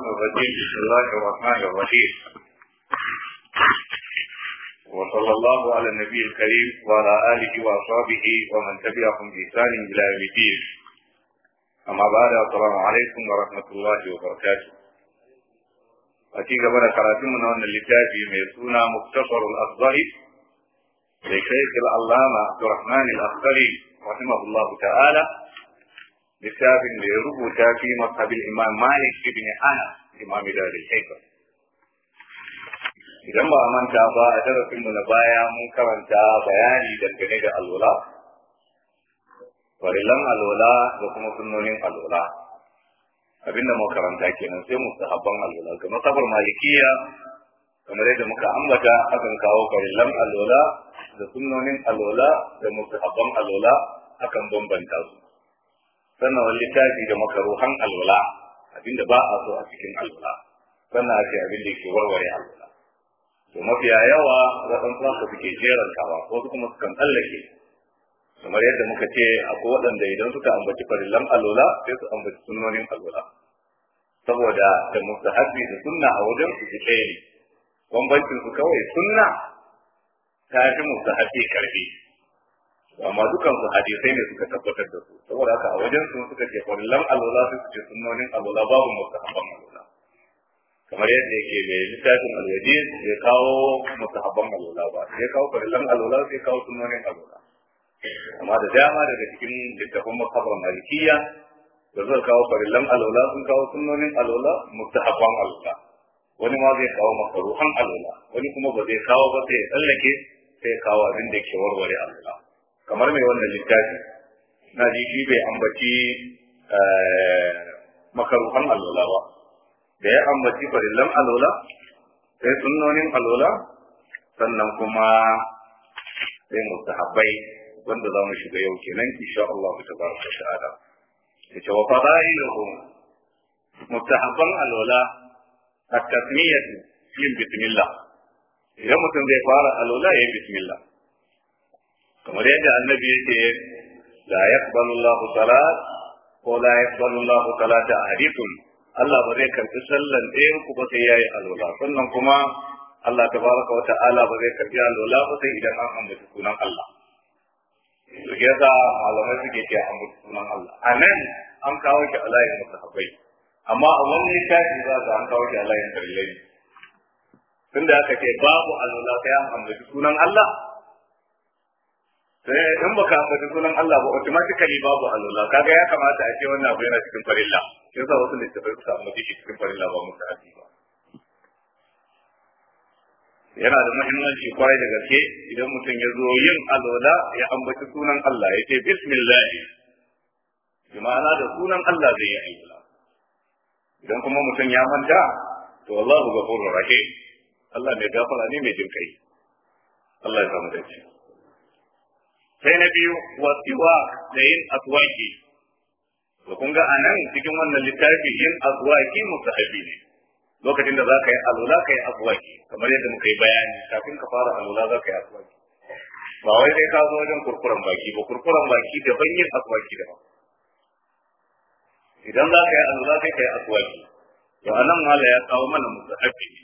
الرحمن الرحيم بسم الله الرحمن الرحيم وصلى الله على النبي الكريم وعلى آله وأصحابه ومن تبعهم بإحسان إلى يوم الدين أما بعد السلام عليكم ورحمة الله وبركاته أتيك بنا من أن اللتاب ميسونا مختصر الأخضر لشيخ العلامة عبد الرحمن الأخضر رحمه الله تعالى littafin da ya rubuta fi masabin imam malik ibn ana imam da shaifa idan ba a manta ba a darasin mu na baya mun karanta bayani dangane da alwala farilan alwala da kuma sunnonin alwala abinda mu karanta kenan sai mustahabban alwala ga masabar malikiya kamar yadda muka ambata akan kawo farilan alwala da sunnonin alwala da mustahabban alwala akan bambanta su sannan wani littafi da makaruhan alwala abinda ba a so a cikin alwala sannan a ce abin da ke warware alwala to mafiya yawa waɗansu haka suke jerantawa wasu kuma su kan tsallake kamar yadda muka ce akwai waɗanda idan suka ambaci farillan alwala sai su ambaci sunnonin alwala saboda da mustahabbi da sunna a wajen su ɗaya ne bambancin su kawai sunna ta fi mustahabbi karfi amma dukan su hadisai ne suka tabbatar da su saboda haka a wajen su suka ce wallan alwala su ce sunnonin alwala babu mustahabban alwala kamar yadda yake mai littafin alwaji ya kawo mustahabban alwala ba ya kawo farillan alwala sai kawo sunnonin alwala amma da dama daga cikin littafin makabar malikiya da zai kawo farillan alwala sun kawo sunnonin alwala mustahabban alwala wani ma zai kawo makaruhan alwala wani kuma ba zai kawo ba sai ya tsallake sai ya kawo abin da ke warware alwala kamar mai wannan littafi na ji shi bai ambaci makaruhan alola ba da ya ambaci farillan alola sai sunnonin alola sannan kuma sai mustahabbai wanda za mu shiga yau kenan insha Allah ta baraka ta'ala ce wa fada'iluhum mustahabban alola at-tasmiyatu bismillah idan mutum zai fara alola ya bismillah kamar yadda annabi yake la yaqbalu Allahu salat ko la yaqbalu Allahu salata ahadikum Allah ba zai karbi sallan ɗayan ku ba sai yayi alwala sannan kuma Allah tabaraka wa ta'ala ba zai karbi alwala ba sai idan an ambaci sunan Allah to yasa malamai suke ce ambaci sunan Allah anan an kawo shi alayin musahabai amma a wani littafi za ka an kawo shi alayin dalilai tunda aka ce babu alwala sai an ambaci sunan Allah sai eh, in baka ambaci sunan Allah ba automatically babu alwala kaga ya kamata a ce wannan abu yana cikin farilla yasa wasu littafai suka ambaci shi cikin farilla ba musu hasi ba yana da muhimmanci kwarai da gaske idan mutum ya zo yin alola ya ambaci sunan Allah ya ce bismillah bi ma'ana da sunan Allah zai yi aiki. idan kuma mutum ya manta to Allahu ghafurur rahim Allah mai gafara ne mai jinkai Allah ya samu dace sai na biyu wa da yin aswaki to kun ga anan cikin wannan littafi yin aswaki musahabi ne lokacin da za ka yi alula ka yi aswaki kamar yadda muka yi bayani kafin ka fara alula za ka yi aswaki ba wai sai ka zo wajen kurkuran baki ba kurkuran baki da ban yin aswaki ba idan za ka yi alula sai ka yi aswaki to anan mala ya kawo mana musahabi ne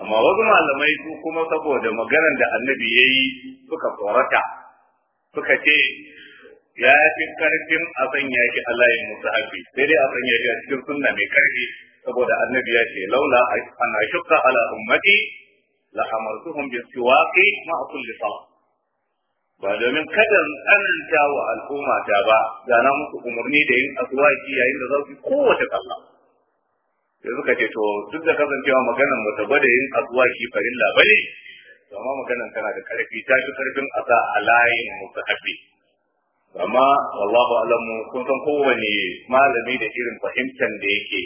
amma wasu malamai su kuma saboda maganar da annabi ya yi suka tsorata suka ce ya fi karfin a sanya shi a layin musahabi sai dai a sanya shi a cikin sunna mai karfi saboda annabi ya ce laula an ashqa ala ummati la amartuhum bi siwaqi ma ba domin kada tsananta wa al'umma ta ba da na musu umarni da yin aswaki yayin da za su kowace sallah sai suka ce to duk da kasancewa maganar mu ta gwada yin aswaki farilla bane amma maganan tana da karfi ta fi karfin asa a layin musahabi amma wallahu alamu kun san kowane malami da irin fahimtar da yake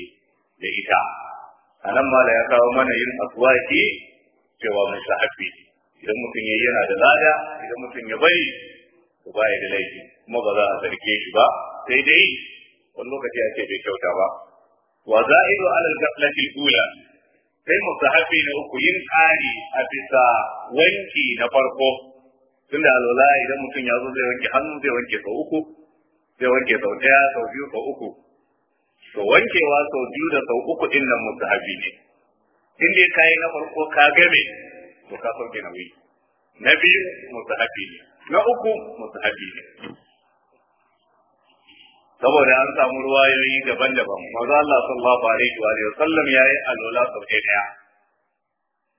da ita a nan mala ya kawo mana yin ke cewa musahabi idan mutum ya yana da lada idan mutum ya bari to ba ya da laifi kuma ba za a zarge shi ba sai dai wani lokaci ake bai kyauta ba wa za'idu alal gaflatil ula sai hafi na uku yin ƙari a bisa wanki na farko tunda alwala idan mutum ya zo zai wanke hannu zai wanke sau uku zai wanke sau ɗaya sau biyu sau uku to wankewa sau biyu da sau uku din nan hafi ne in dai ka yi na farko ka game to ka sauke nauyi na biyu hafi ne na uku hafi ne saboda an samu ruwayoyi daban-daban maza Allah sallallahu alaihi wa sallam ya yi alola sau daya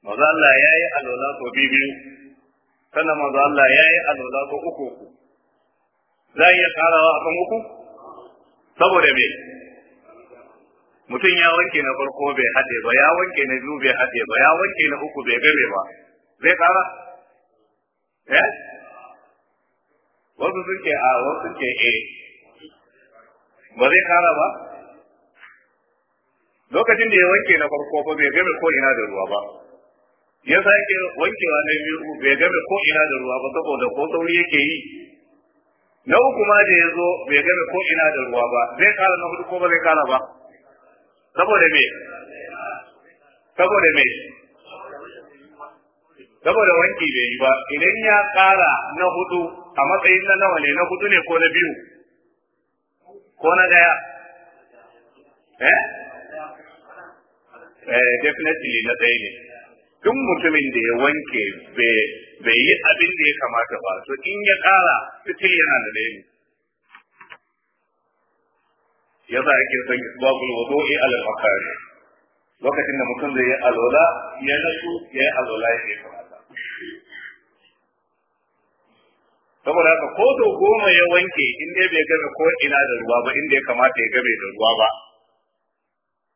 maza Allah yi alola sau biyu sannan maza Allah yi alola sau uku za iya karawa akan uku saboda me mutum ya wanke na farko bai haɗe ba ya wanke na biyu bai haɗe ba ya wanke na uku bai game ba zai kara eh wasu suke a wasu suke eh ba zai kara ba lokacin da ya wanke na farko ba bai gami ko ina da ruwa ba ya sake wankewa na biyu bai gami ko ina da ruwa ba saboda ko sauri yake yi na uku ma da ya zo bai gami ko ina da ruwa ba zai kara na hudu ko ba zai kara ba saboda me saboda me saboda wanki bai yi ba idan ya kara na hudu a matsayin na nawa ne na hudu ne ko na biyu ko na daya eh eh definitely na daya ne duk mutumin da ya wanke bai yi abin da ya kamata ba to in ya kara fitil yana da daya ne ya za a ke san wato wudu'i ala al-makari lokacin da mutum zai yi alola ya nasu ya yi alwala ya kamata saboda haka ko to goma ya wanke in dai bai game ko ina da ruwa ba inda ya kamata ya game da ruwa ba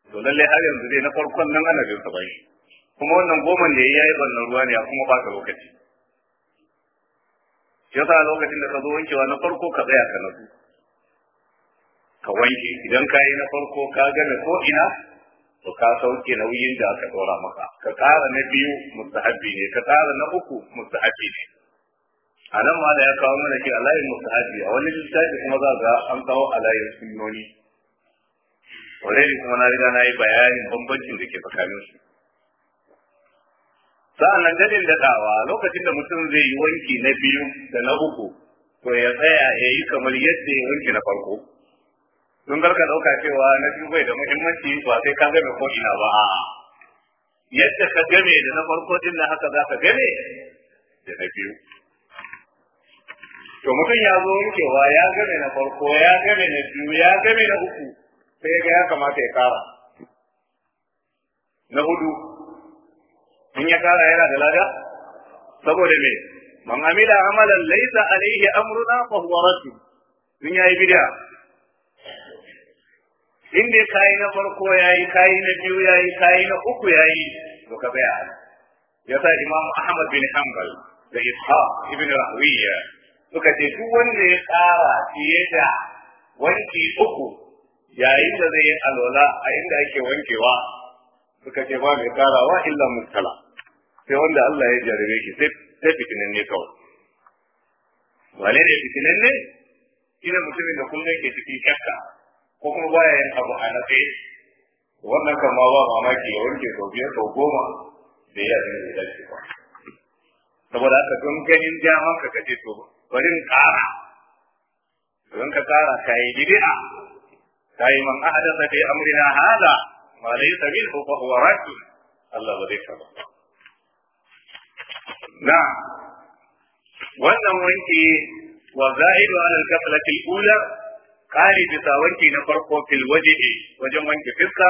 to lallai har yanzu dai na farkon nan ana bin sa bashi kuma wannan goman da ya yi bannan ruwa ne a kuma ba ka lokaci sa lokacin da ka zo wankewa na farko ka tsaya ka nasu ka wanke idan ka yi na farko ka game ko ina to ka sauke nauyin da aka dora maka ka tsara na biyu mustahabbi ne ka tsara na uku mustahabbi ne a nan ma da ya kawo mana shi a layin mustahabi a wani littafi kuma za ga an kawo a layin sunnoni already kuma na riga na yi bayanin bambancin da ke tsakanin su sa'annan dadin dawa lokacin da mutum zai yi wanki na biyu da na uku to ya tsaya ya yi kamar yadda ya wanki na farko sun garka ɗauka cewa na biyu bai da muhimmanci ba sai ka game ko ina ba yadda ka game da na farko din na haka za ka game da na biyu to mutum ya zo wucewa ya game na farko ya game na biyu ya game na uku sai ga ya kamata ya kara na hudu in ya kara yana da lada saboda me man amila amalan laysa alayhi amruna fa huwa raddu in yayi bid'a in dai kai na farko yayi kai na biyu yayi kai na uku yayi to ka Ya sa imam ahmad bin hanbal da ishaq ibn rahwiya suka ce duk wanda ya tsara fiye da wanki uku yayin da zai yi alola a inda ake wankewa suka ce ba mai karawa illa muskala sai wanda Allah ya jarabe ki sai fitinan ne kawai wane ne fitinan ne ina mutumin da kullum ke cikin kyakka ko kuma baya yin abu a nafe wannan kan ma ba mamaki ya wanke sau biyar sau goma da ya zai dace ba saboda haka don ganin daman ka kaje to Wajen ƙara don ka ƙara ka yi bid'a ka yi man ahdatha fi amrina hada ma laysa minhu ko huwa radd Allah ba zai karba na wannan wanki wa za'idu ala al-kaflati al-ula kare bisa wanki na farko fil wajhi wajen wanke fiska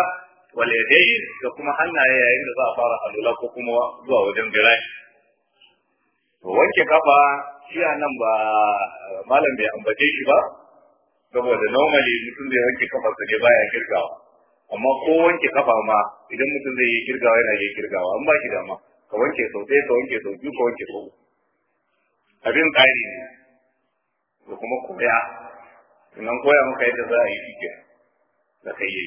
wal yadayi da kuma hannaye yayin da za a fara alula ko kuma zuwa wajen birashi to wanke kafa shi nan ba malam bai ambace shi ba saboda normally mutum zai wanke kafarsa ne baya kirgawa amma ko wanke kafa ma idan mutum zai yi kirgawa yana yi kirgawa an ba shi dama ka wanke sau ɗaya ka wanke sau biyu ka wanke sau abin tsari ne da kuma koya sannan koya maka yadda za a yi shi da kai yi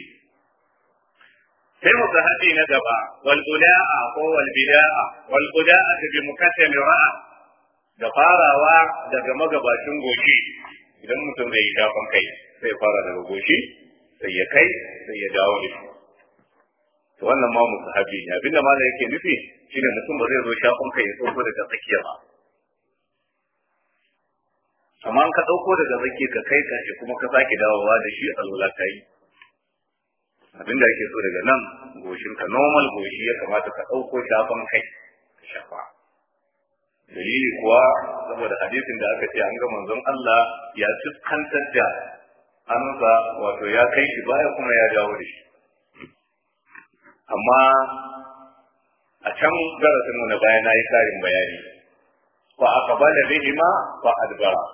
sai mu haɗi na gaba wal bula'a ko wal bida'a wal bula'a bi mukaddami ra'a da farawa daga magabashin goshi idan mutum zai yi shafan kai sai fara daga goshi sai ya kai sai ya dawo da shi to wannan ma sahabi. habi ne abinda malam yake nufi shine mutum ba zai zo shafan kai ya tsoko daga tsakiya ba amma an ka ɗauko daga tsakiya ka kai ka shi kuma ka sake dawowa da shi alwala kai abinda ake so daga nan goshin ka normal goshi ya kamata ka dauko shafan kai ka shafa dalili kuwa saboda hadisin da aka ce an ga manzon Allah ya fuskantar da hannunsa wato ya kai shi baya kuma ya dawo da shi amma a can darasin mu na baya na yi tsarin bayani fa aqbala bihima fa adbara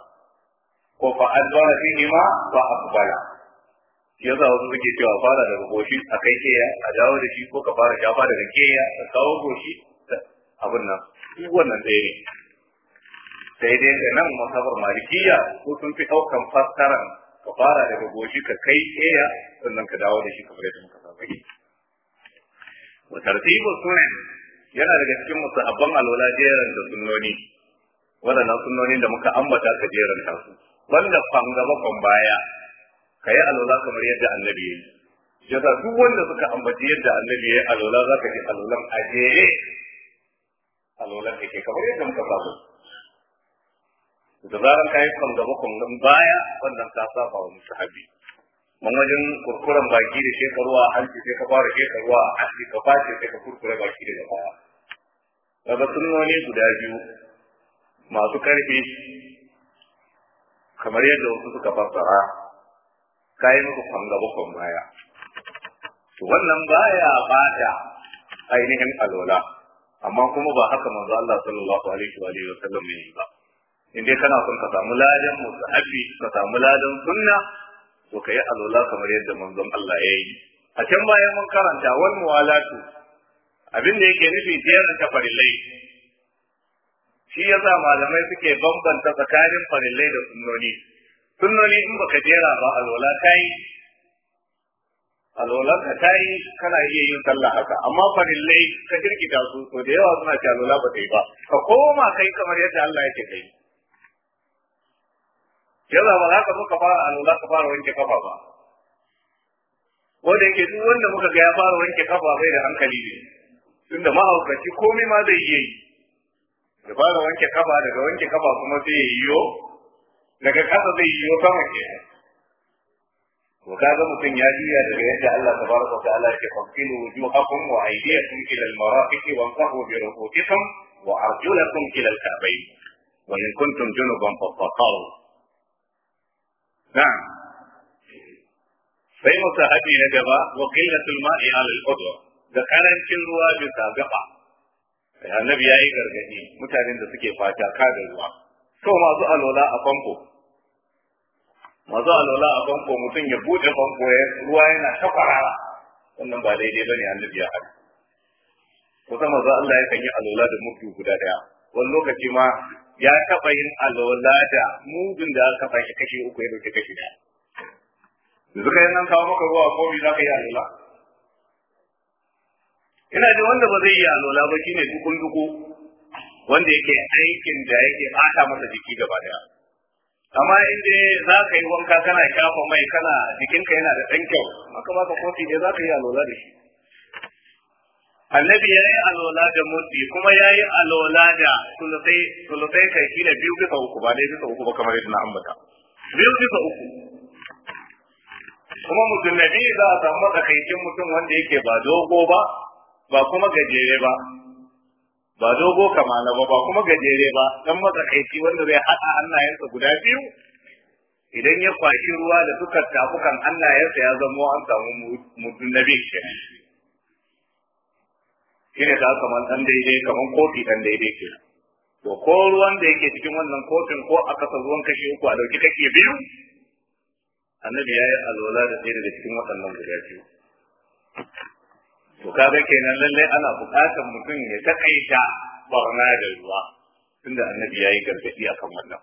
ko fa adbara bihima fa aqbala ya za wasu suke cewa fara daga goshi a kai keya a dawo da shi ko ka fara shafa daga keya ka kawo goshi abin nan shi wannan ɗaya ne sai dai da nan masabar malikiya ko sun fi ɗaukan fassaran ka fara daga goshi ka kai ɗaya sannan ka dawo da shi ka yadda muka saba yi wa tartibu sunan yana daga cikin musabban alwala jeran da sunnoni waɗannan sunnoni da muka ambata ka jeran ta su banda fangaba kon baya ka yi alwala kamar yadda annabi ya yi jaza duk wanda suka ambaci yadda annabi ya yi alwala za ka ji alwalan a alolan da ke kamar yadda muka samu da zaran kayi kan gaba kullum baya wannan ta saba wa musahabi man wajen kurkuren baki da shekaruwa a hanci sai ka fara shekaruwa a hanci ka fashe sai ka kurkure baki daga baya daga sunnoni guda biyu masu karfi kamar yadda wasu suka fassara kayi muku kan gaba kun baya to wannan baya bada ainihin alola amma kuma ba haka manzo Allah sallallahu alaihi wa alihi wasallam ya yi ba in dai kana son ka samu ladan musahabi ka samu ladan sunna to kai alwala kamar yadda manzon Allah ya yi a can bayan mun karanta wal muwalatu abin da yake nufi jerin ta farillai shi yasa malamai suke bambanta tsakanin farillai da sunnoni sunnoni in baka jera ba alwala kai alwalar ka ta yi kana iya yin sallah haka amma farillai ka jirkita su to da yawa suna cewa alwala ba ta yi ba ka koma kai kamar yadda Allah yake kai yalla ba za ka zo ka fara alwala ka fara wanke kafa ba wanda yake duk wanda muka ga ya fara wanke kafa bai da hankali ne tunda mahaukaci komai ma zai iya yi da fara wanke kafa daga wanke kafa kuma zai yiwo daga kasa zai yiwo sama kenan وكذا ممكن يجي الذي يجعل الله تبارك وتعالى يفصل وجوهكم وايديكم الى المرافق وانصحوا برؤوسكم وارجلكم الى الكعبين وان كنتم جنبا فاتقوا نعم فيما تهدي نجبا وقلة الماء على الأدوى ذكر يمكن رواج سابقا النبي أيضا متى عند سكي فاتا كاد الله ثم أظهر لا أفنكو a alwala a fanko mutum ya buɗe famfo ya ruwa yana ta kwarara wannan ba daidai bane annabi ya hana kusa maza Allah ya kan yi alwala da mutu guda daya wani lokaci ma ya taɓa yin alwala da mudun da aka fashe kashi uku ya dauke kashi daya yanzu kai nan kawo maka ruwa ko za ka yi alwala ina da wanda ba zai yi alola ba shine dukun duku wanda yake aikin da yake ɓata masa jiki gaba daya amma inda za ka yi wanka kana shafa mai kana jikinka yana da ɗan kyau maka baka kofi ne za ka yi alola da shi annabi ya yi alola da mutu kuma ya yi alola da sulutai kai shi ne biyu bisa uku ba dai bisa uku ba kamar yadda na ambata biyu bisa uku kuma mutum biyu za a samu matsakaicin mutum wanda yake ba dogo ba ba kuma gajere ba ba dogo kama na ba ba kuma gajere ba dan matsakaici wanda zai hada hannayensa guda biyu idan ya kwashi ruwa da suka tafukan hannayensa ya zama an samu mutum na biyu. shi shi ne ka kaman ɗan daidai kaman kofi ɗan daidai ke to ko ruwan da yake cikin wannan kofin ko a kasa ruwan kashi uku a dauki kashi biyu annabi ya yi alwala da ɗaya daga cikin waɗannan guda biyu to kaga kenan lallai ana buƙatar mutum ya takaita barna da ruwa tunda annabi yayi gargadi akan wannan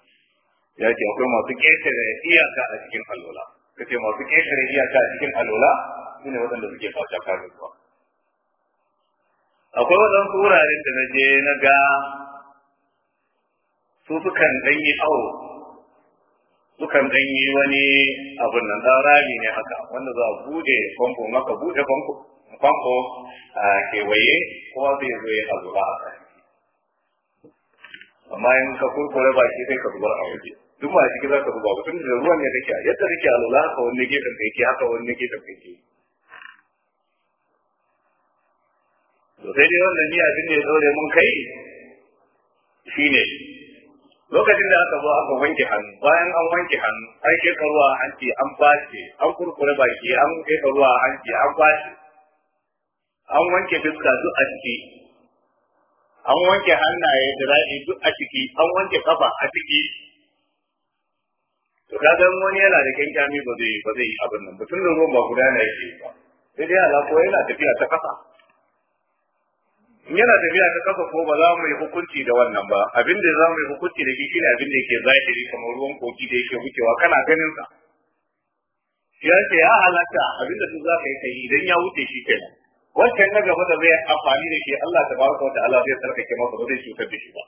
ya ce akwai masu ƙetare iyaka a cikin alola kace masu ƙetare iyaka a cikin alola shine waɗanda suke fata karin ruwa akwai waɗansu wuraren da na je na ga su sukan danyi awo sukan ɗan wani abun nan ɗan rami ne haka wanda za a buɗe famfo maka buɗe famfo famfo a eh, kewaye kowa zai zo ya zuba a kai amma in ka ba baki sai ka zuba a waje duk ba shi za ka zuba ba tun da ruwan ne a yadda a lula haka wani gefen kai ke haka wani gefen kai ke to sai dai wannan ni din ne ya mun kai shine lokacin da aka zo aka wanke hannu bayan an wanke hannu an shekaruwa hanci an bashi an kurkure baki an shekaruwa hanci an bashi an wanke fuska duk a ciki an wanke hannaye da ra'i duk a ciki an wanke kafa a ciki to kaga wani yana da kyankyami ba zai ba zai abin nan mutum da ruwan ba gudana yake ba sai dai ala ko yana tafiya ta kafa in yana tafiya ta kafa ko ba za mu yi hukunci da wannan ba abin da za mu yi hukunci da shi ne abin da yake zahiri kamar ruwan koki da yake wucewa kana ganin sa ya ce ya halatta abin da su za ka yi idan ya wuce shi kenan wancan na gaba da zai amfani da shi Allah ta baraka wata Allah zai sarkake maka ba zai cutar da shi ba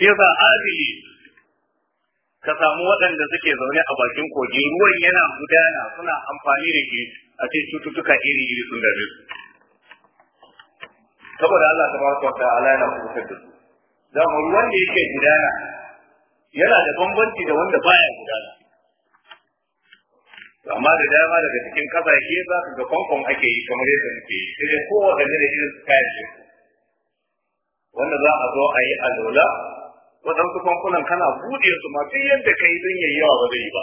shi yasa adili ka samu waɗanda suke zaune a bakin kogi ruwan yana gudana suna amfani da shi a ce cututtuka iri-iri sun dame su saboda Allah ta baraka wata Allah yana cutar da su da ruwan da yake gudana yana da bambanci da wanda baya gudana amma da dama daga cikin kasashe za ka ga kwankwan ake yi kamar yadda muke yi sai dai kowanne da irin kayan wanda za a zo a yi a lola waɗansu kwankunan kana buɗe su ma sai yadda ka yi don yayi yawa ba zai yi ba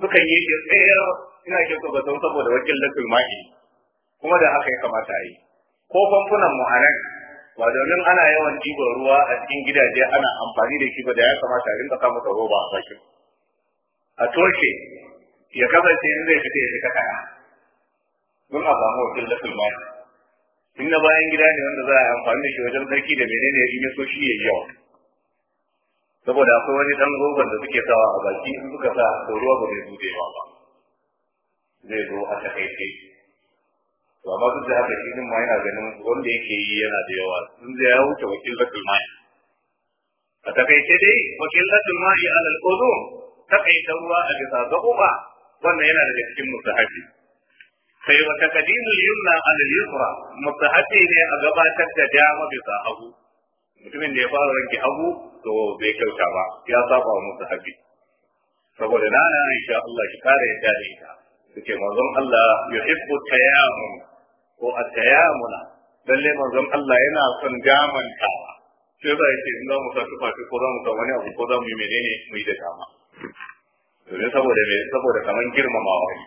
sukan yi shi tsayar ina ke so saboda wakil lakul ma'i kuma da haka ya kamata a yi ko famfunan mu a nan ba domin ana yawan ɗiban ruwa a cikin gidaje ana amfani da shi ba da ya kamata a rinka kama ta roba a bakin a toshe ya kasance in zai fita ya fita kana don a samu wakil da sulmani in na bayan gida ne wanda za a amfani da shi wajen sarki da menene in ya so shi ya yi yawa saboda akwai wani dan roban da suke sawa a baki in suka sa to ruwa ba zai bude ba zai zo a takaice to amma duk da haka shi ma yana ganin wanda yake yi yana da yawa sun da ya wuce wakil da sulmani a takaice dai wakil da sulmani alal ta takaita ruwa a bisa gaɓuɓa wannan yana daga cikin mustahabi sai wa taqdimul yumna al yusra mustahabi ne a gabatar da dama bisa hagu mutumin da ya fara wanke abu, to bai kyauta ba ya saba wa mustahabi saboda nana insha Allah ki kare ya dare ita suke manzon Allah yuhibbu tayammum ko at-tayammuna lalle manzon Allah yana son damantawa sai ba yake in za mu sa tufafi ko za mu sa wani abu ko za mu yi menene mu yi da dama domin saboda me saboda kaman girmamawa ne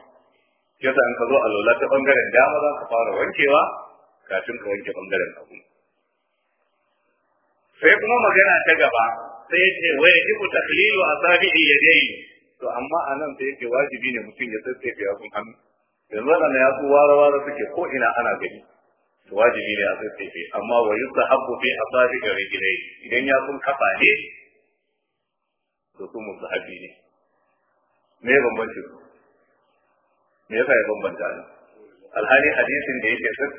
yasa in ka zo a lola ta bangaren dama za ka fara wankewa kafin ka wanke bangaren abu. sai kuma magana ta gaba sai ya ce wa yajibu taqlilu asabi'i yadayhi to amma anan sai yake wajibi ne mutum ya ya yatsun hannu yanzu wannan yatsu wara-wara suke ko ina ana gani to wajibi ne a tsaye amma wa yusahabu fi asabi'i rijlai idan kun kafa ne to kuma musahabi ne me ya su me yasa ya bambanta ne alhali hadisin da yake sassa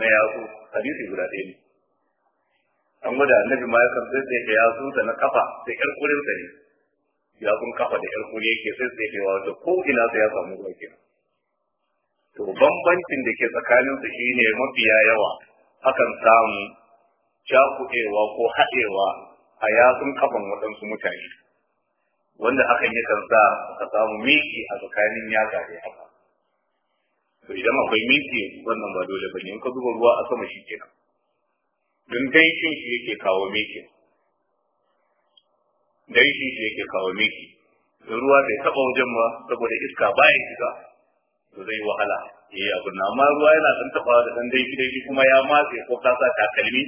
na yasu hadisi guda ɗaya ne an gwada annabi ma ya sassa da yasu na kafa da yar kurin ne Yatsun kafa da yar kuri yake sassa ke wa ko ina sa ya samu ruwa to bambancin da ke tsakanin su shine mafiya yawa akan samu cakuɗewa ko haɗewa a yatsun kafan waɗansu mutane wanda hakan kan sa ka samu miki a tsakanin yatsa da haka to idan akwai miki wannan ba dole bane in ka zuba ruwa a sama shi kenan don danshin shi yake kawo miki dai shi yake kawo miki ruwa bai taba wajen ba saboda iska baya shiga to zai wahala eh abin na amma ruwa yana dan taba da dan dai kuma ya matse ko ka sa takalmi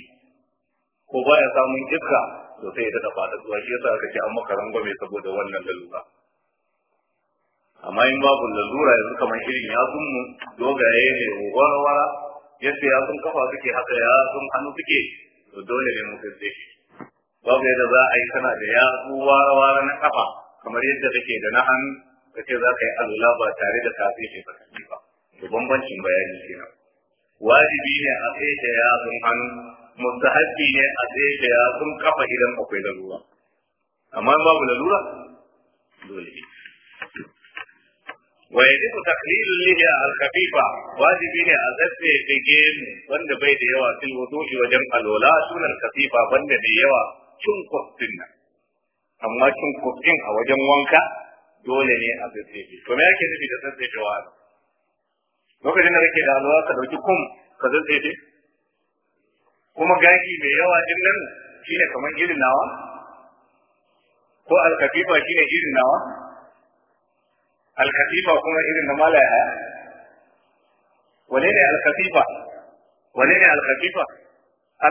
ko baya samun iska to sai ta daɗa da zuwa shi yasa aka ce an maka rangwame saboda wannan lalura amma in babu lalura yanzu kamar irin sun mu dogaye ne warwara yadda sun kafa suke haka ya sun hannu suke to dole ne mu kace shi babu yadda za a yi kana da yatsu wara-wara na kafa kamar yadda kake da na hannu kace za ka yi alula ba tare da kafin shi ba to bambancin bayani kenan wajibi ne a tsaye da sun hannu mustahabbi ne a tsaye ya sun kafa idan akwai lalura, amma babu lalura. dole ne wa yajibu taqlilu lihi al-khafifa wajibi ne a tsaye bige wanda bai da yawa fil wudu'i wajen alwala sunan khafifa banda da yawa cin kwaftin nan amma cin kwaftin a wajen wanka dole ne a tsaye to me yake nufi da tsaye lokacin da kake da alwala ka dauki kum ka tsaye kuma gaji mai yawa din nan shine kamar irin nawa ko alkatifa shine irin nawa alkatifa kuma irin na malaya wane ne alkatifa wane ne alkatifa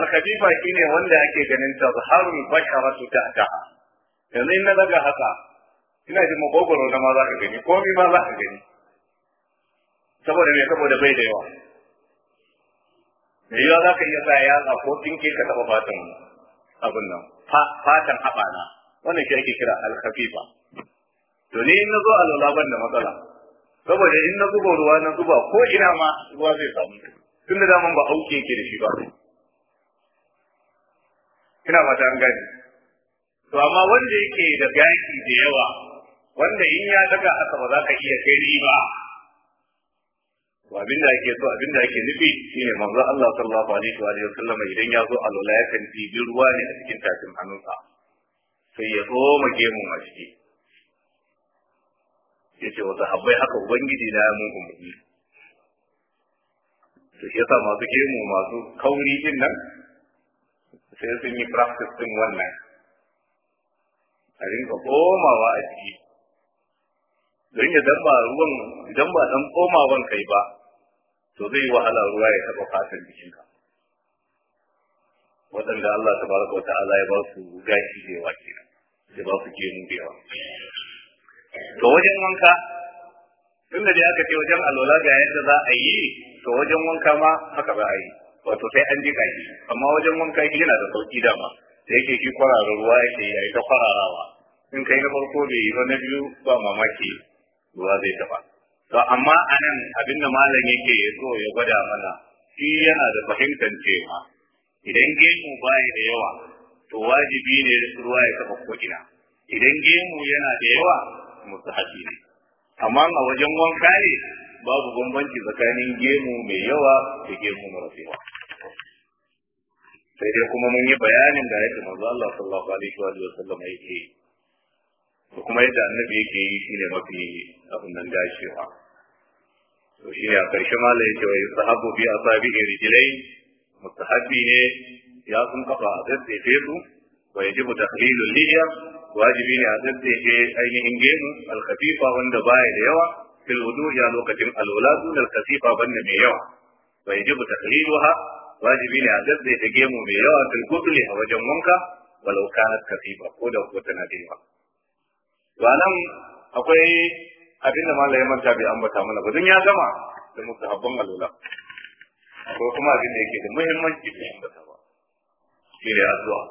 alkatifa shine wanda ake ganin tazharul basharatu tahta yanzu in na daga haka ina jin makogoro na ma za ka gani komai ma za ka gani saboda ne saboda bai da yawa da yawa za ka iya sa yatsa ko ke ka taɓa fatan abin nan fatan haɓana wannan shi ake kira alkhafifa to ni in na zo a ban da matsala saboda in na zuba ruwa na zuba ko ina ma ruwa zai samu tun da zaman ba auke yake da shi ba ina ba an gani to amma wanda yake da gaki da yawa wanda in ya daga haka ba za ka iya kai ba to abin da ake so abin da ake nufi shine manzo Allah sallallahu alaihi wa alihi wasallam idan ya zo alwala ya kan dibi ruwa ne a cikin tafin hannunsa sai ya tsoma gemu a ciki yace wata sahabbai haka ubangiji na ya mun umarni to shi yasa masu gemu masu kauri din nan sai sun yi practice din wannan a rinka komawa a ciki don ya dan ba ruwan idan ba dan komawan kai ba to zai wahala ruwa ya taba fatan jikinka waɗanda Allah ta baraka wa ta'ala ya ba su gashi da yawa kenan da ba su gemu da yawa to wajen wanka tun da dai aka ce wajen alola ga yadda za a yi to wajen wanka ma haka ba a yi wato sai an ji gashi amma wajen wanka shi yana da sauki dama da yake shi kwararar ruwa yake ya yi ta kwararawa in kai na farko bai yi ba na biyu ba mamaki ruwa zai taba to amma anan abin da malam yake so ya gwada mana shi yana da fahimtar cewa idan gemu baya da yawa to wajibi ne ruwa ya taba ko'ina idan gemu yana da yawa musu haƙi ne amma a wajen wanka ne babu bambanci tsakanin gemu mai yawa da gemu mara yawa sai dai kuma mun yi bayanin da yake manzo Allah sallallahu alaihi wa sallam yake kuma yadda annabi yake yi ne mafi abin nan dacewa to shine a karshe malai yace wa yusahabu bi asabihi rijlai mustahabbi ne ya sun kafa a tsaitsaye su wa yajibu taqlilul lihiya wajibi ne a tsaitsaye ainihin gemu alkhafifa wanda baya da yawa fil wudu'i ya lokacin alwala dun alkhafifa banda mai yawa wa yajibu taqliluha wajibi ne a tsaitsaye gemu mai yawa fil kutli a wajen wanka walau kanat kafifa ko da ko tana da yawa akwai abin da malai manta bai ambata mana ba don ya gama da mustahabban alula ko kuma abin da yake da muhimmanci bai ambata ba shi ne addu'a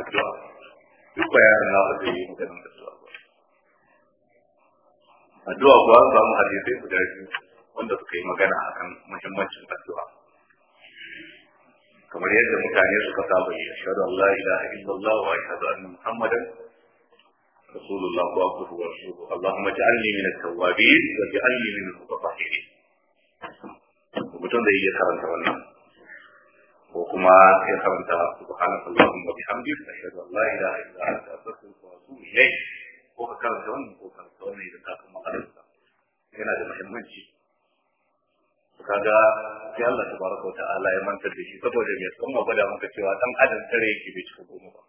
addu'a duk bayanin na wanda yi maganin addu'a ba addu'a kuwa an samu hadisai guda biyu wanda suka yi magana akan muhimmancin addu'a kamar yadda mutane suka saba yi ashhadu Allah ila ilaha illallah wa ashhadu anna muhammadan رسول الله وعبده ورسوله اللهم اجعلني من التوابين واجعلني من المتطهرين mutum da iya karanta wannan ko kuma ya karanta wa allahumma bihamdika ashhadu an la ilaha illa anta astaghfiruka wa atubu ilayk ko ka karanta wannan ko karanta wannan idan ka kuma karanta yana da muhimmanci kaga sai Allah tabaraka wa ta'ala ya mantar da shi saboda ya san ba da maka cewa dan adam tare yake bai cika goma ba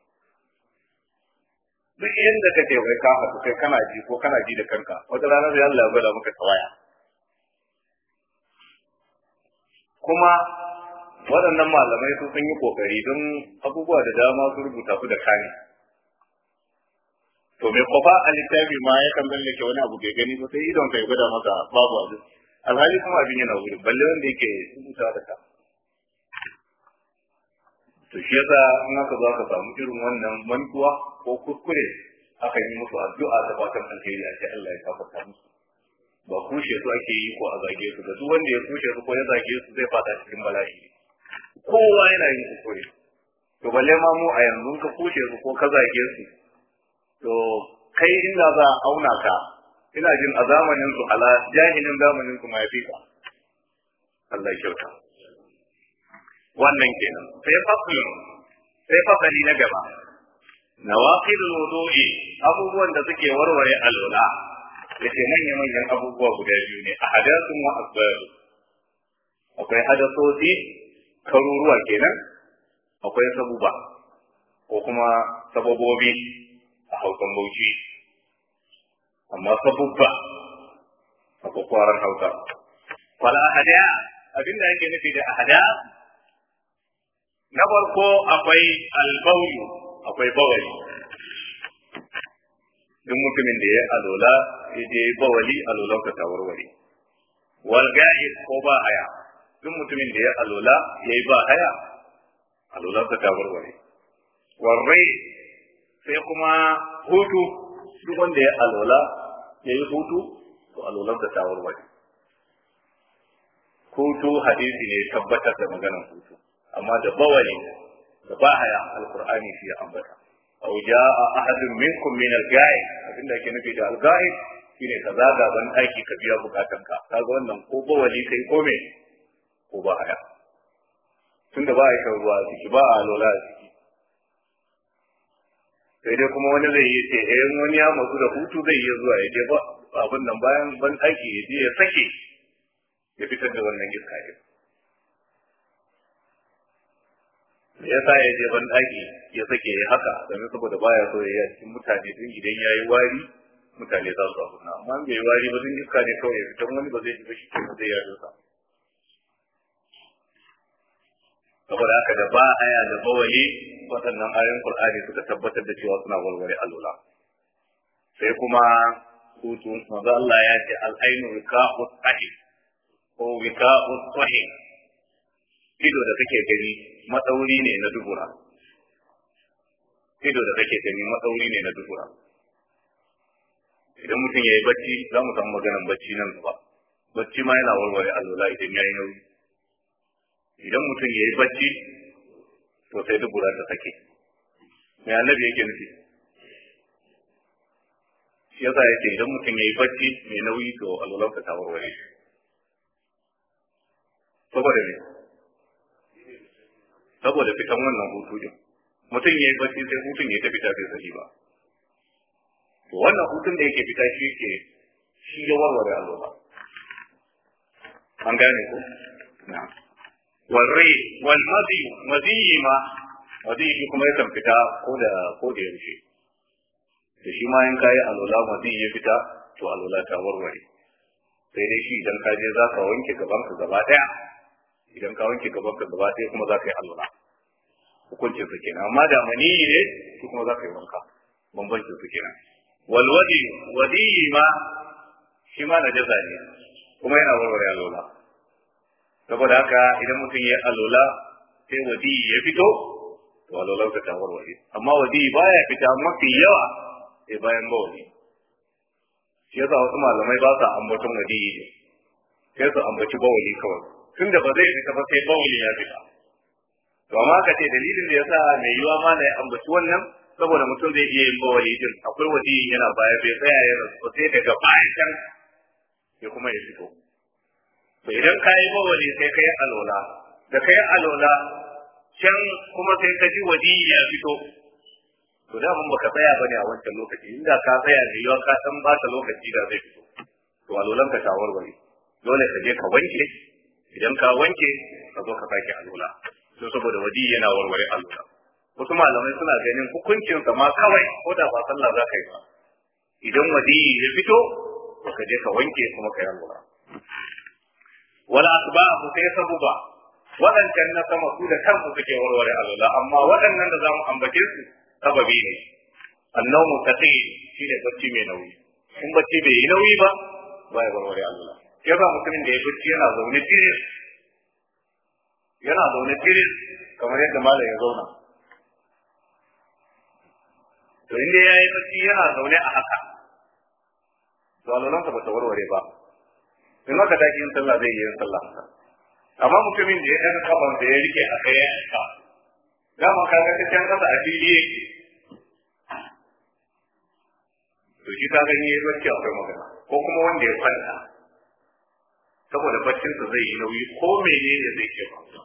duk yadda kake wai ka haku kai kana ji ko kana ji da kanka wata rana da Allah ya gwada maka tawaya kuma waɗannan malamai su sun yi kokari don abubuwa da dama su rubuta su da kani to mai kofa a littafi ma ya kan mallake wani abu ke gani ba sai idon kai gwada maka babu abu alhali kuma abin yana wuri balle wanda yake rubuta da kanka to shi yasa in haka za ka samu irin wannan mantuwa ko kuskure aka yi musu addu'a da fatan alheri a cikin Allah ya kafarta musu ba kushe su ake yi ko a zage su da duk wanda ya kushe su ko ya zage su zai fada cikin bala'i kowa yana yin kuskure to balle ma mu a yanzu ka kushe su ko ka zage su to kai inda za a auna ka ina jin a zamanin su ala jahilin zamanin su ma ya fi ka Allah kyauta wannan kenan sai fasulun sai fasali na gaba nawaqid alwudu'i abubuwan da suke warware alwala yace manyan manyan abubuwa guda biyu ne a ahadatun wa asbab akwai hadasosi karuruwa kenan akwai sabuba ko kuma sababobi a hausan bauchi amma sabubba a kwakwaran hausa fala ahada abinda yake nufi da ahada na farko akwai albauri akwai bawali duk mutumin da ya alola ya je bawali alolan ka tawarware wal ga'id ko ba haya duk mutumin da ya alola ya yi ba haya alolan ka tawarware warrai sai kuma hutu duk wanda ya alola ya yi hutu to alolan ka tawarware hutu hadisi ne tabbatar da maganar hutu amma da bawali da ba haya alqur'ani shi ya ambata aw jaa ahadun minkum min al Abin abinda ake nufi da al-ghaib shine ka zaga ban aiki ka biya ka kaga wannan ko bawali kai ko me ko haya tunda ba a ruwa ciki ba a lola ciki sai dai kuma wani zai yi ce eh wani ya matsu da hutu zai yi zuwa ya je ba abin nan bayan ban aiki ya je ya sake ya fitar da wannan iska ya yasa ya je ban daki ya sake ya haka domin saboda baya so ya yi cikin mutane din idan ya yi wari mutane za su abuna amma in bai wari ba din iska ne kawai fitan wani ba zai ji shi ke zai yaro sa saboda haka da ba aya da bawali waɗannan ayoyin Qur'ani suka tabbatar da cewa suna warware alula sai kuma hutu maza Allah ya ce al-ainu wika'u sahih ko wika'u sahih ido da take gani matsauri ne na dubura ido da take gani matsauri ne na dubura idan mutum ya yi bacci za mu samu maganan bacci nan ba, bacci ma yana warware alwala idan ya yi nauyi idan mutum ya yi bacci to sai dubura ta take mai annabi yake nufi shi yasa yake idan mutum ya yi bacci mai nauyi to alwalar ka ta warware saboda ne saboda fitan wannan hutu din mutum ya yi bacci sai hutun ya ta fita bai sani ba to wannan hutun da yake fita shi ke shi ya warware alloba an gane ko na warre wal madi madi ma madi shi kuma yakan fita ko da ko da yaushe da shi ma in kayi alola madi ya fita to alola ta warware sai dai shi idan ka je za ka wanke gaban ka gaba daya idan ka wanke gaban ka gaba ɗaya kuma za ka yi alwala hukuncin su kenan amma da mani ne su kuma za ka yi wanka bambancin su kenan walwadi wadiyi ma shi ma na jaza ne kuma yana warware alwala saboda haka idan mutum ya alwala sai wadiyi ya fito to alwalarsa ta warware amma wadiyi baya fita mafi yawa sai bayan bawali shi yasa wasu malamai ba sa ambaton wadiyi ne sai su ambaci bawali kawai tunda ba zai fita ba sai bawuli ya fita to amma ka ce dalilin da yasa mai yiwa ma na ambaci wannan saboda mutum zai iya yin bawali din akwai wani yana baya bai tsaya ya rasu sai daga bayan can ya kuma ya fito to idan ka yi bawali sai ka yi alola da ka yi alola can kuma sai ka ji wadi ya fito to da mun baka tsaya bane a wancan lokaci inda ka tsaya mai yiwa ka san ba ta lokaci da zai fito to alolan ka shawarwari dole ka je ka wanke idan ka wanke ka zo ka sake alula to saboda wadi yana warware alula wasu malamai suna ganin hukuncin ma kawai ko da ba sallah za ka yi ba idan wadi ya fito ka je ka wanke kuma ka yi alula wala asbahu sai sabuba waɗancan na sama su da kansu suke warware alula amma waɗannan da za mu ambace su sababi ne annawu shi shine bacci mai nauyi in bacci bai yi nauyi ba ba ya warware alula ya ba mutumin da ya bacci yana zaune tiris yana zaune tiris kamar yadda malam ya zauna to inda ya yi bacci yana zaune a haka to alwalansa ba ta warware ba in haka daki yin sallah zai yi sallah amma mutumin da ya ɗaga kafan da ya rike a kai ya ka dama ka ga cikin kasa a fili yake to shi ta gani ya yi bacci akwai magana ko kuma wanda ya kwanta saboda baccin sa zai yi nauyi ko menene zai ke faruwa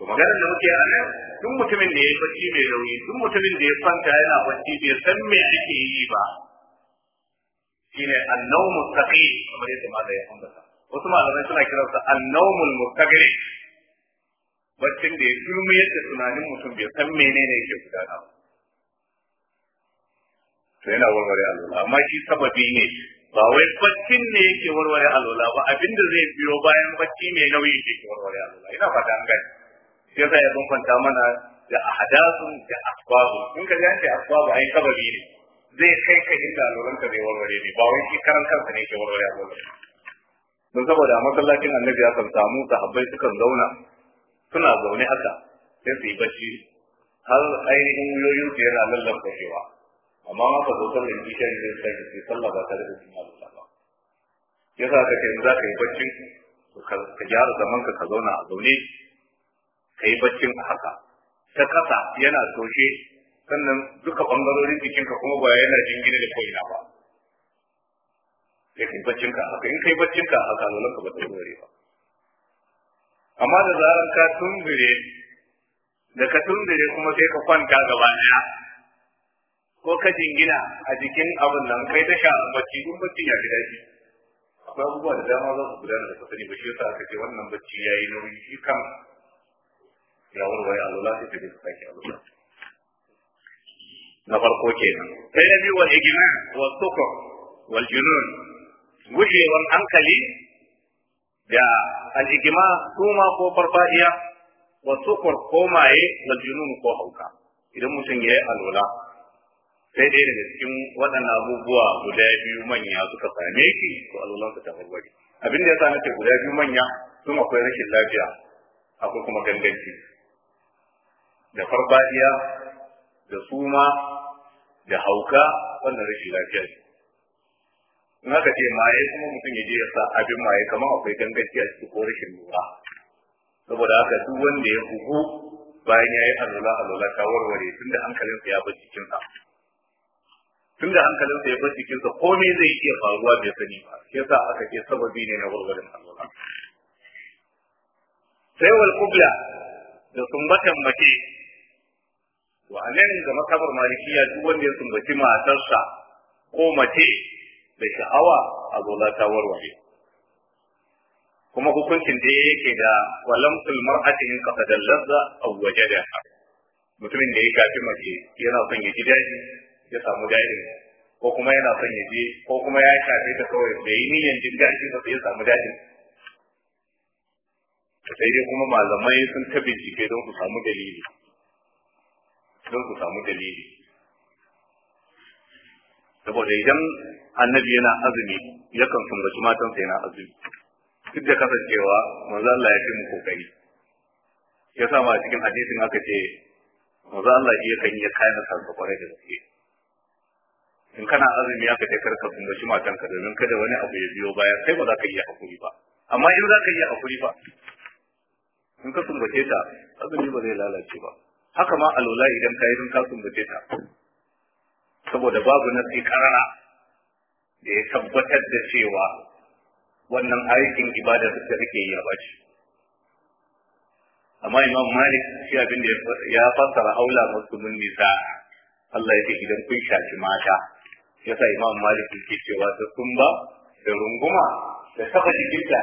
to maganar da muke a nan duk mutumin da ya yi bacci mai nauyi duk mutumin da ya kwanta yana bacci bai san me ake yi ba shine annawmu saqi kamar yadda malai ya ambata wasu malamai suna kiransa annawmul mustaqri baccin da ya turmi yadda tunanin mutum bai san menene yake gudana ba to yana warware Allah amma shi sababi ne ba wai baccin ne yake warware alwala ba abinda zai biyo bayan bacci mai nauyi yake warware alwala ina fata an gani sai sai ya bambanta mana da ahadasu da asbabu in ka yanke asbabu ai sababi ne zai kai ka inda alwalan ka zai warware ne ba wai shi karan kansa ne yake warware alwala don saboda masallacin annabi akan samu sahabbai sukan zauna suna zaune haka sai su yi bacci har ainihin wuyoyin su yana lallafashewa amma ma ka zo sallar isha ne sai ka ce sallah ba tare da sunna ba ba yasa ka kai za ka yi baccin ka gyara zamanka ka ka zauna a zaune ka yi baccin a haka ta kasa yana toshe sannan duka bangarorin ka kuma ba yana jingine da ko'ina ba sai kai baccin ka haka in kai baccin ka haka lolan ka ba ta dore ba amma da zaran ka tumbure da ka tumbure kuma sai ka kwanta gaba daya ko ka jingina a jikin abin nan kai ta sha bacci duk bacci ya fi shi akwai abubuwa da dama za su gudana da kasani ba shi yasa aka ce wannan bacci ya yi nauyi shi kan ya warware alwala sai ta je ka sake alola. na farko kenan sai na biyu wal ijma wa sukr wal junun gushewan hankali da al ijma suma ko farfadiya wa sukur ko maye wal junun ko hauka idan mutum ya yi alwala sai dai daga cikin waɗannan abubuwa guda biyu manya suka same shi to alwalansa ta warware abin da ya sa nace guda biyu manya sun akwai rashin lafiya akwai kuma ganganci da farbadiya da suma da hauka wannan rashin lafiya ne in aka ce maye kuma mutum ya je ya sa abin maye kamar akwai ganganci a cikin ko rashin lura saboda haka duk wanda ya bugu bayan ya yi alwala alwala ta warware tunda hankalinsa ya bar jikinsa tunda hankalinsa ya bar jikinsa komai zai iya faruwa bai sani ba yasa aka ce sababi ne na warwarin alwala sai wal qubla da sumbatan mace to anan ga makabar malikiya duk wanda ya sumbaci matarsa ko mace da sha'awa a ta warware kuma hukuncin da yake da walam fil mar'ati in qad lazza aw wajada mutumin da ya kafi mace yana son ya ji daji. ya samu dajin ko kuma yana son ya je ko kuma ya shafe ta kawai bai yi niyyar jin daɗi ba sai ya samu dajin sai dai kuma malamai sun ta bincike don su samu dalili don su samu dalili saboda idan annabi yana azumi yakan sumbaci matansa yana azumi duk da kasancewa manzo Allah ya fi mu kokari ya sa ma cikin hadisin aka ce manzo Allah ya kan yi kayan sarfa kwarai da gaske in kana azumi ya ce karka matan matanka domin kada wani abu ya biyo baya sai ba za ka iya hakuri ba amma in za ka iya hakuri ba in ka sumbace ta azumi ba zai lalace ba haka ma alola idan ka yi in ka sumbace ta saboda babu sai karara da ya tabbatar da cewa wannan aikin ibada da kake yi ya bace amma imam malik shi abin da ya fassara aula musulmin nisa Allah ya ce idan kun shaki mata Ya sa imam malik yake cewa ta kumba da runguma da saka jikinta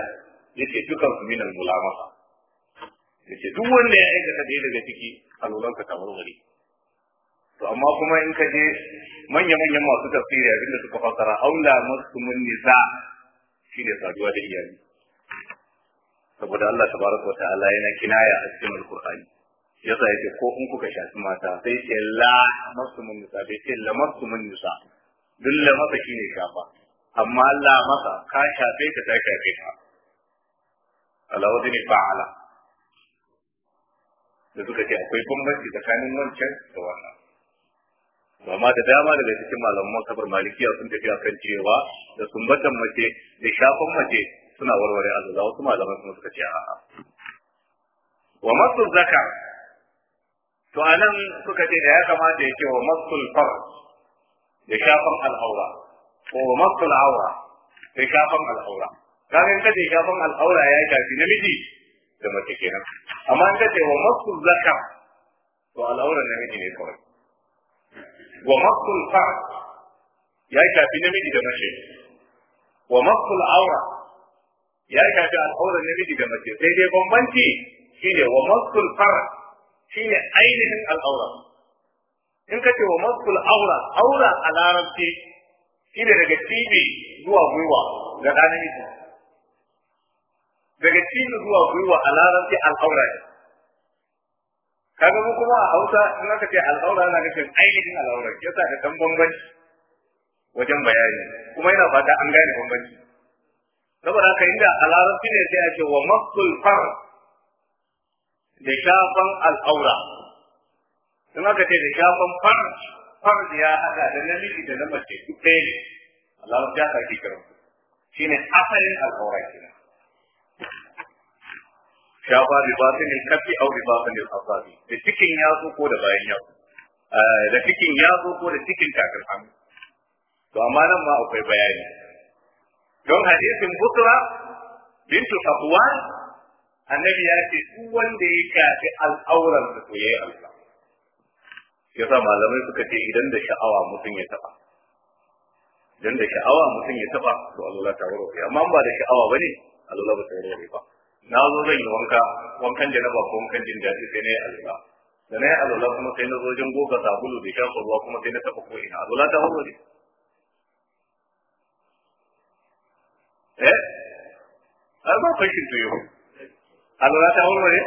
yake dukan su minan mulama yake duk wanda ya aikata da daga ciki alulan ka kamar wuri to amma kuma in ka je manya manyan masu tafsiri abinda suka fasara aula muslimun nisa shine saduwa da iyali saboda Allah tabaraka wa ta'ala yana kinaya a cikin alqur'ani yasa yake ko in kuka shafi mata sai ce la muslimun nisa sai ce la muslimun nisa dulla masa ne shafa amma Allah masa ka shafe ka ta shafe ka ala wajen fa'ala da suka ce akwai bambanci tsakanin wancan da wannan Ba amma da dama daga cikin malaman masabar malikiya sun tafi akan cewa da sumbatan mace da shafan mace suna warware azza wasu malaman kuma suka ce a'a wa masul zaka to anan suka ce da ya kamata ya ce wa masul farj da shafan al'aura wa masul aura da shafan al'aura kaga in kace shafan al'aura ya shafi namiji da mace kenan amma in kace wa masul zakka to al'aura namiji ne kawai wa masul fa ya shafi namiji da mace wa masul aura ya shafi al'aura namiji da mace sai dai bambanci shine wa masul far shine ainihin al'aura in ka ce wa masul aura aura a larabci shi ne daga cibi zuwa gwiwa ga ɗan namiji daga cibi zuwa gwiwa a larabci al'aura ne kaga mu kuma a hausa in aka ce al'aura na nufin ainihin al'aura sa da ɗan bambanci wajen bayani kuma yana fata an gane bambanci saboda haka inda a larabci ne sai a ce wa masul far da shafan al'aura in aka ce da shafan farj farj ya haɗa da namiji da na mace duk ɗaya ne Allah ya sake kiran shine asalin al'aura kenan shafa ribatin kafi au ribatin al-asabi da cikin yatsu ko da bayan yatsu eh, da cikin yatsu ko da cikin takar hannu to amma nan ma akwai bayani don hadisin busra bintu safwan annabi ya ce duk wanda ya kafi al'auransa sa to yayi alfa yasa malamai suka ce idan da sha'awa mutum ya taba idan da sha'awa mutum ya taba to Allah ta warware amma ba da sha'awa bane Allah ba ta warware ba na zo zan yi wanka wankan janaba ko wankan jin daɗi sai na yi alwala da na yi alwala kuma sai na zo wajen goga sabulu da sha ruwa kuma sai na taba ko ina alwala ta warware eh ai ba fashin tuyo alwala ta warware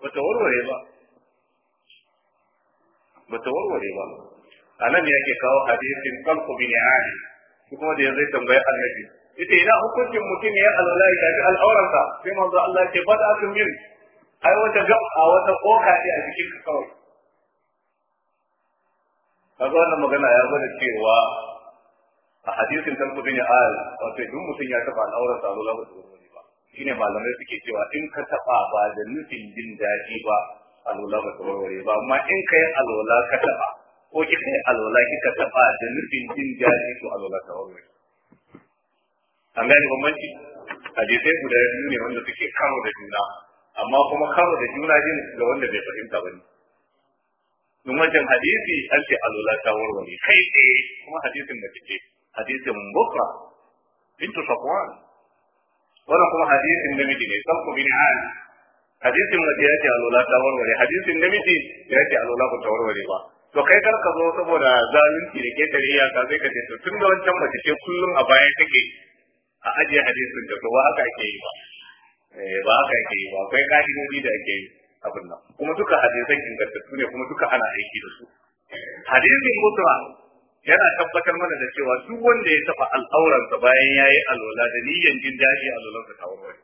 ba ta warware ba ba ta warware ba a nan yake kawo hadisin kalku bin ali shi kuma da yanzu ya tambayi annabi yace ina hukuncin mutum ya alwala ya tafi al'auransa sai manzo Allah ya ce bada sun yin ai wata gaba wata koka ce a cikin ka kawai kaga wannan magana ya gwada cewa a hadisin kalku bin ali wato duk mutum ya taba al'auransa alwala ba shine malamai suke cewa in ka taba ba da nufin jin daɗi ba alwala ba ta warware ba amma in ka yi alwala ka taɓa ko ki kai yi ki ka taɓa da nufin jin daɗi to alwala ta warware an gane bambanci hadisai guda biyu ne wanda suke karo da juna amma kuma karo da juna ne ga wanda bai fahimta ba ne Mun wajen hadisi an ce alwala ta warware kai tsaye kuma hadisin da kike hadisin bukra bintu safwan wannan kuma hadisin namiji ne sabku bin ali hadisin mace ya ce lola ta warware hadisin namiji ya ce lola ba ta warware ba to kai kar ka zo saboda zalunci da ke tare ya sai ka ce to tun da wancan mace ce kullum a baya take a ajiye hadisin da ba haka ake yi ba eh, ba haka ake yi ba akwai ka'idodi da ake yi abin nan kuma duka hadisan ingantattu ne kuma duka ana aiki da su hadisin mutuwa yana tabbatar mana da cewa duk wanda ya taba al'auransa bayan ya yi alola da niyyan jin daɗi alolansa ta warware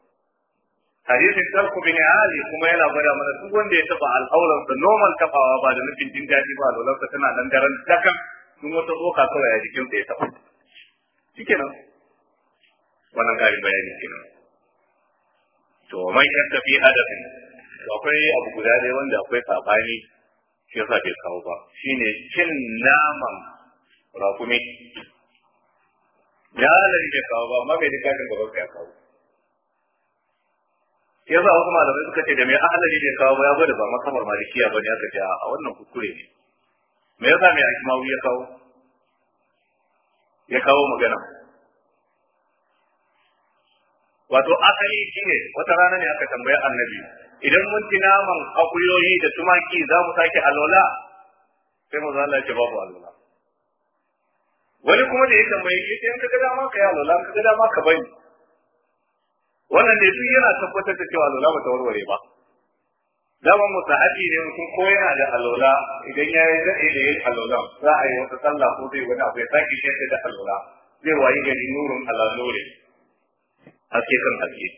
hadisin talku bin ali kuma yana gwada mana duk wanda ya taba al'auran sa normal kafawa ba da nufin jin daɗi ba lolan sa tana nan daren dakan duk wata tsoka kawai a jikin sa ya taba shikenan wannan gari bayani kenan to mai yadda fi hadafin to akwai abu guda dai wanda akwai sabani shi yasa bai kawo ba shine cin naman rakumi ya lalje kawo ba amma bai dika kan gaban ya kawo ya za wasu malamai suka ce da mai ahalari ne kawo ya gwada ba makamar malikiya ba ne aka ce a wannan kuskure ne me yasa mai akimawi ya kawo ya kawo magana wato asali shine wata rana ne aka tambaya annabi idan mun ci naman akuyoyi da tumaki za mu sake alola sai mu zala ce babu alola wani kuma da ya tambaye shi sai ka ga dama ka yi alola ka ga dama ka bani wannan ne duk yana tabbatar da cewa ba bata warware ba dama musahabi ne mutum ko yana da alola idan ya yi zai da yin alola za a yi wata sallah ko zai wani abu ya sake shi da alola zai wayi gari nurun alalore haske kan haske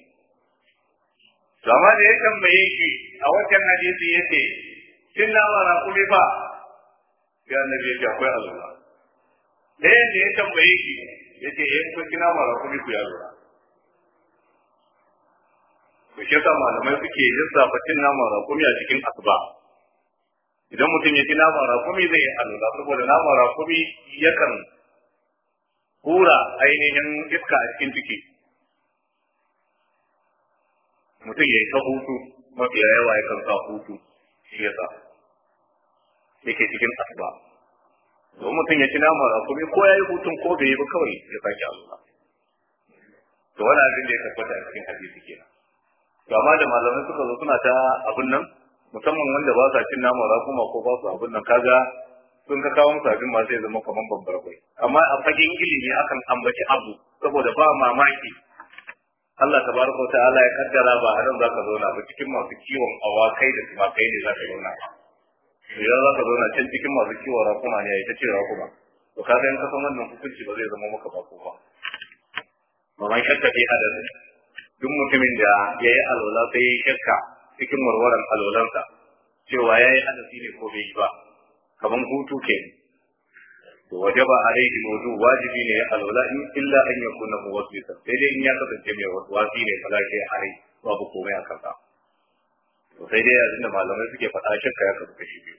zama da ya tambaye shi a wancan hadisi ya ce lawa na kuma ba ya annabi ya ce akwai alola ɗayan da ya tambaye shi ya ce yan eh, kun kina mara kuma ku yi alwala shi yasa malamai suke lissafa cin nama rakumi a cikin asuba idan mutum ya ci nama rakumi zai alula saboda nama rakumi yakan hura ainihin iska a cikin ciki mutum ya yi ta hutu mafiya yawa yakan sa hutu shi yasa yake cikin asuba domin mutum ya ci nama rakumi ko ya yi hutun ko bai yi ba kawai ya sake alula to wani abin da ya tabbata a cikin hadisi kenan gama da malamai suka zo suna ta abin nan musamman wanda ba sa cin nama kuma ko ba su abin nan kaga sun ka kawo musu abin masu zama kamar babbar kwai amma a fagen ilimi akan ambaci abu saboda ba mamaki Allah tabaraka ta'ala ya kaddara ba nan zaka zauna ba cikin masu kiwon awakai da tumakai ne zaka zauna idan zaka zauna can cikin masu kiwon rakuma ne ai ta ce rakuma to kaga in ka san wannan hukunci ba zai zama maka ba ko ba mamaki ke hadari duk mutumin da ya yi alwala sai ya yi shakka cikin warwaran alolarsa, cewa ya yi hadasi ne ko bai yi ba kaman hutu ke to waje ba wajaba alaihi mawdu wajibi ne ya alwala in illa an wasu yasa sai dai in ya kasance mai wasi ne fa zai alai babu komai a kansa to sai dai yanzu da malamai suke faɗa shakka ya kasu kashi biyu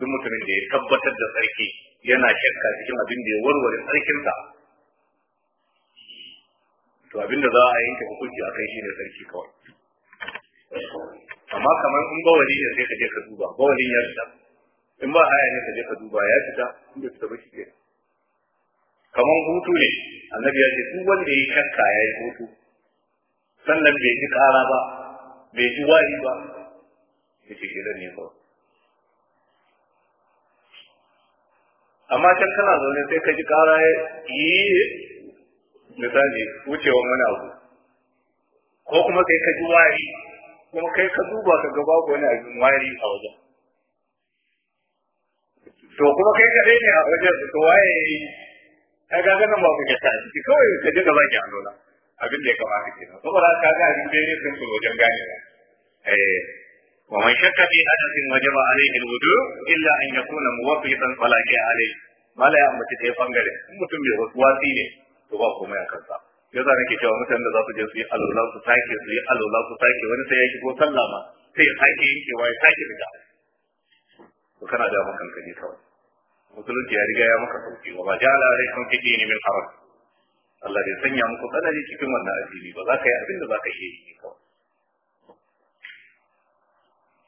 duk mutumin da ya tabbatar da tsarki yana shakka cikin abin da ya warware tsarkinsa to abinda za a yanke hukunci a kai shine sarki kawai amma kamar in bawali ne sai ka je ka duba wani ya fita in ba haya ne ka je ka duba ya fita in da fita ba shi kenan kamar hutu ne annabi ya ce duk wanda ya shakka ya yi hutu sannan bai ji kara ba bai ji wari ba ya ce kenan ne kawai amma can kana zaune sai ka ji kara yi misali wucewa wani abu ko kuma kai ka ji wari kuma kai ka duba ka ga babu wani abin wari a wajen to kuma kai ka ne a wajen to waye ka ga ganin ba ka ta sa ciki kawai ka ji gaba ki alola abin da ya kamata ke nan saboda ka ga abin da ya sun su wajen gane ba eh wa man shakka fi hadasin wajaba alayhi alwudu illa an yakuna muwaffiqan fala ke alayhi mala ya ambaci ta bangare mutum bai wasu wasi ne to ba komai a kansa ya za nake cewa mutanen da za su je su yi alola su sake su yi alola su sake wani sai ya shigo sallah ma sai ya sake yankewa ya sake riga to kana da makan kaje kawai musulunci ya riga ya maka sauki wa ba ja'ala alaikum fi dini min haraj Allah bai sanya muku tsanani cikin wannan addini ba za ka yi abin da za ka yi ne kawai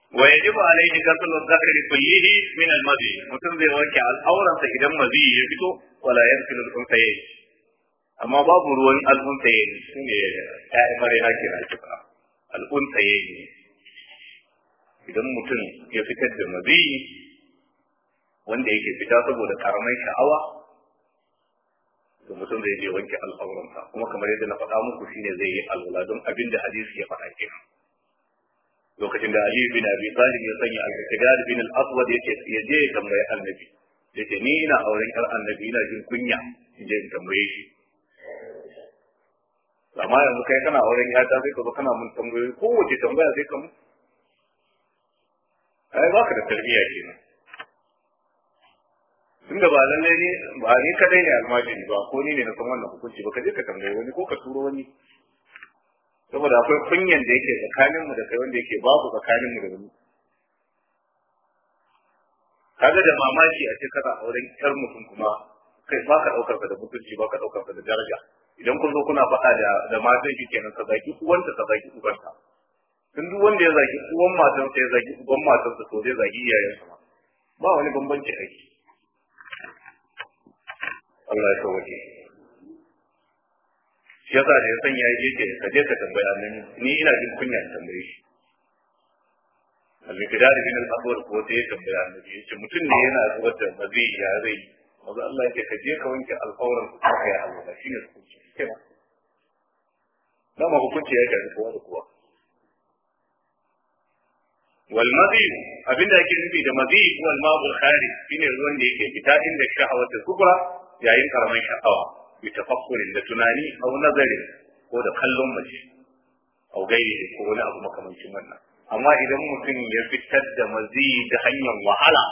ويجب عليه غسل الذكر كله من المذي متن زي wanke al'auransa idan mazi ya fito wala yaghsilu al-unsayayn amma babu ruwan al'untaye ne su ne ya'yan mare na kira kira al'untaye ne idan mutum ya fitar da maziyi wanda yake fita saboda karamar sha'awa to mutum zai je wanke al'auransa kuma kamar yadda na faɗa muku shine zai yi alwala don abin da hadisi ya faɗa kenan lokacin da Ali bin Abi Talib ya sanya al-Qidad bin al-Aswad yace ya je tambayi annabi yace ni ina auren yar annabi ina jin kunya in je in tambaye shi amma yanzu kai kana auren yata sai ka zo kana mun tambayoyi wace tambaya sai ka mu ai ba ka da tarbiyya kenan tunda ba lallai ne ba ni kadai ne almajiri ba ko ni ne na san wannan hukunci ba ka je ka tambayi wani ko ka turo wani saboda akwai kunyan da yake tsakanin mu da kai wanda yake babu tsakanin mu da wani kaga da mamaki a ce kana auren yar mutum kuma kai ba ka daukar ka da mutunci ba ka daukar ka da daraja idan kun zo kuna faɗa da da matan ki kenan ka zaki uwanta ka zaki ubarta tun duk wanda ya zaki uwan matan sa ya zaki uban matan sa to zai zaki iyayen sa ba wani bambanci aiki Allah ya sauke shi yasa da ya sanya ya je ka je ka tambaya min ni ina jin kunya tambaye shi al-mikdad bin al-abwar ko sai ya tambaya mun yace mutum ne yana zuwa da mazi ya zai maza Allah ya ka je ka wanke alƙawarin ku ka ya Allah shi ne hukunci kenan dama hukunci ya shafi kowa da kowa wal madhi abinda yake nufi da madhi huwa al ma'ul shine ruwan da yake fita inda sha'awatu kubra yayin karaman sha'awa bi tafakkurin da tunani aw nazari ko da kallon mace aw gairi ko wani abu makamancin wannan amma idan mutum ya fitar da mazi ta hanyar wahala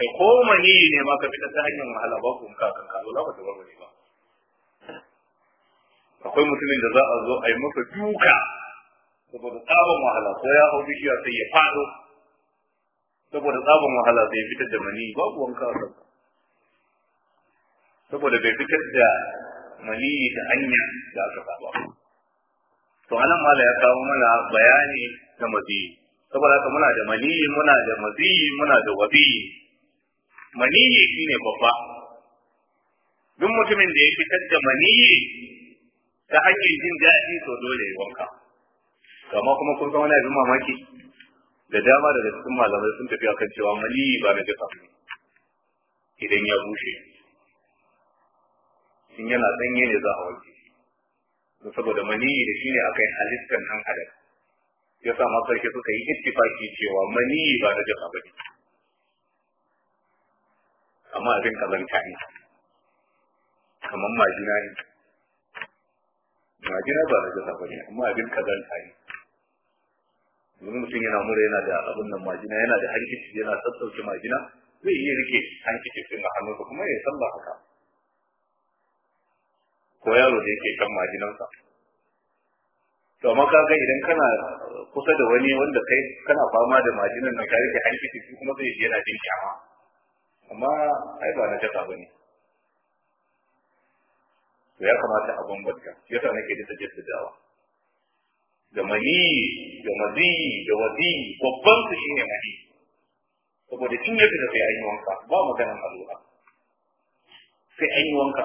kai ko mani ne ma ka fita ta hanyar wahala ba ku ka kan kazo za ku ta barbare ba akwai mutumin da za a zo a yi masa duka saboda tsabon wahala ko ya hau bishiya sai ya fado saboda tsabon wahala sai ya fitar da mani ku wanka a kansa saboda bai fitar da mani da hanya da aka saba to anan mala ya kawo mana bayani da mazi saboda haka muna da mani muna da mazi muna da wabi maniyi shine babba duk mutumin da ya fitar da maniyi ta hanyar jin daɗi to dole ya wanka kama kuma kun san wani abin mamaki da dama daga cikin malamai sun tafi akan cewa maniyi ba na jasa idan ya bushe in yana sanye ne za a wanke saboda maniyi da shine akai halittar ɗan adam ya sa masarki suka yi ittifaki cewa maniyi ba na jasa ba ne amma abin kazanta ne kamar majina ne majina ba na jasa ne amma abin kazanta ne wani mutum yana mura yana da abin nan majina yana da hankici yana sassauce majina zai iya rike hankici sun a hannunsa kuma ya san ba haka ko yaro da yake kan majinansa to amma kaga idan kana kusa da wani wanda kai kana fama da majinan nan ka rike hankici kuma zai yana jin kyama amma ai ba na jaka ba ne to ya kamata a bambanta shi yasa nake da jaddadawa da mani da mazi da wazi babban su shine mani saboda tun ya fita sai an yi wanka ba maganan allura sai an yi wanka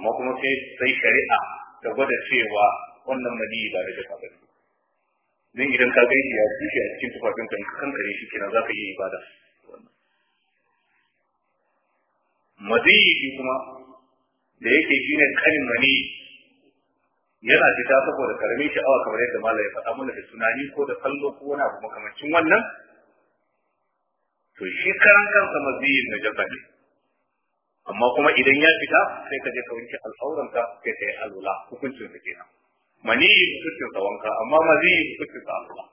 amma kuma sai sai shari'a ta gwada cewa wannan mani ba da jasa ba ne don idan ka gaishe ya tushe a cikin tufafinka in ka kankare shi kina, za ka yi ibada madiyi shi kuma da yake ne kanin mani yana fita saboda karamin sha'awa kamar yadda malam ya faɗa mana da tunani ko da kallo ko wani abu makamancin wannan to shi karan kansa maziyin na jaba ne amma kuma idan ya fita sai ka je ka wanke al'auranka sai ka yi alula hukuncin ka kenan mani hukuncin ka wanka amma maziyi hukuncin ka alula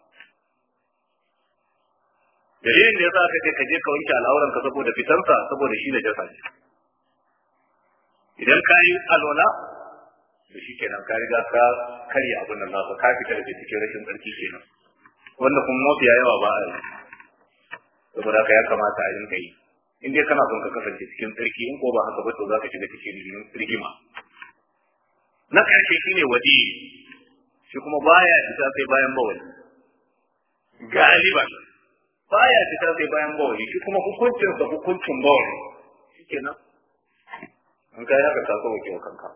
dalilin da sa aka ce ka je ka wanke al'auran ka saboda fitansa saboda shi da jasa ne idan ka yi alwala to shi kenan ka riga ka karya abin nan nasa ka fita da cikin rashin tsarki kenan wanda kuma mafiya yawa ba a yi saboda haka ya kamata a rinka yi in dai kana son ka kasance cikin tsarki in ko ba haka ba to za ka shiga cikin rigima na ƙarshe shine wadi shi kuma baya isa sai bayan bawali galiban baya fitar sai bayan bawali shi kuma hukuncin sa hukuncin bawali shikenan an kai haka ka kawo kiwo kanka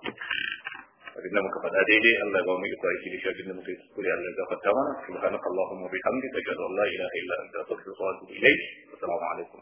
abin da muka faɗa daidai Allah ba mu yi kwaki da shagin da muka yi kuskure Allah ya fata mana subhanaka allahumma bihamdika ashhadu an la ilaha illa anta astaghfiruka wa atubu ilayk assalamu alaikum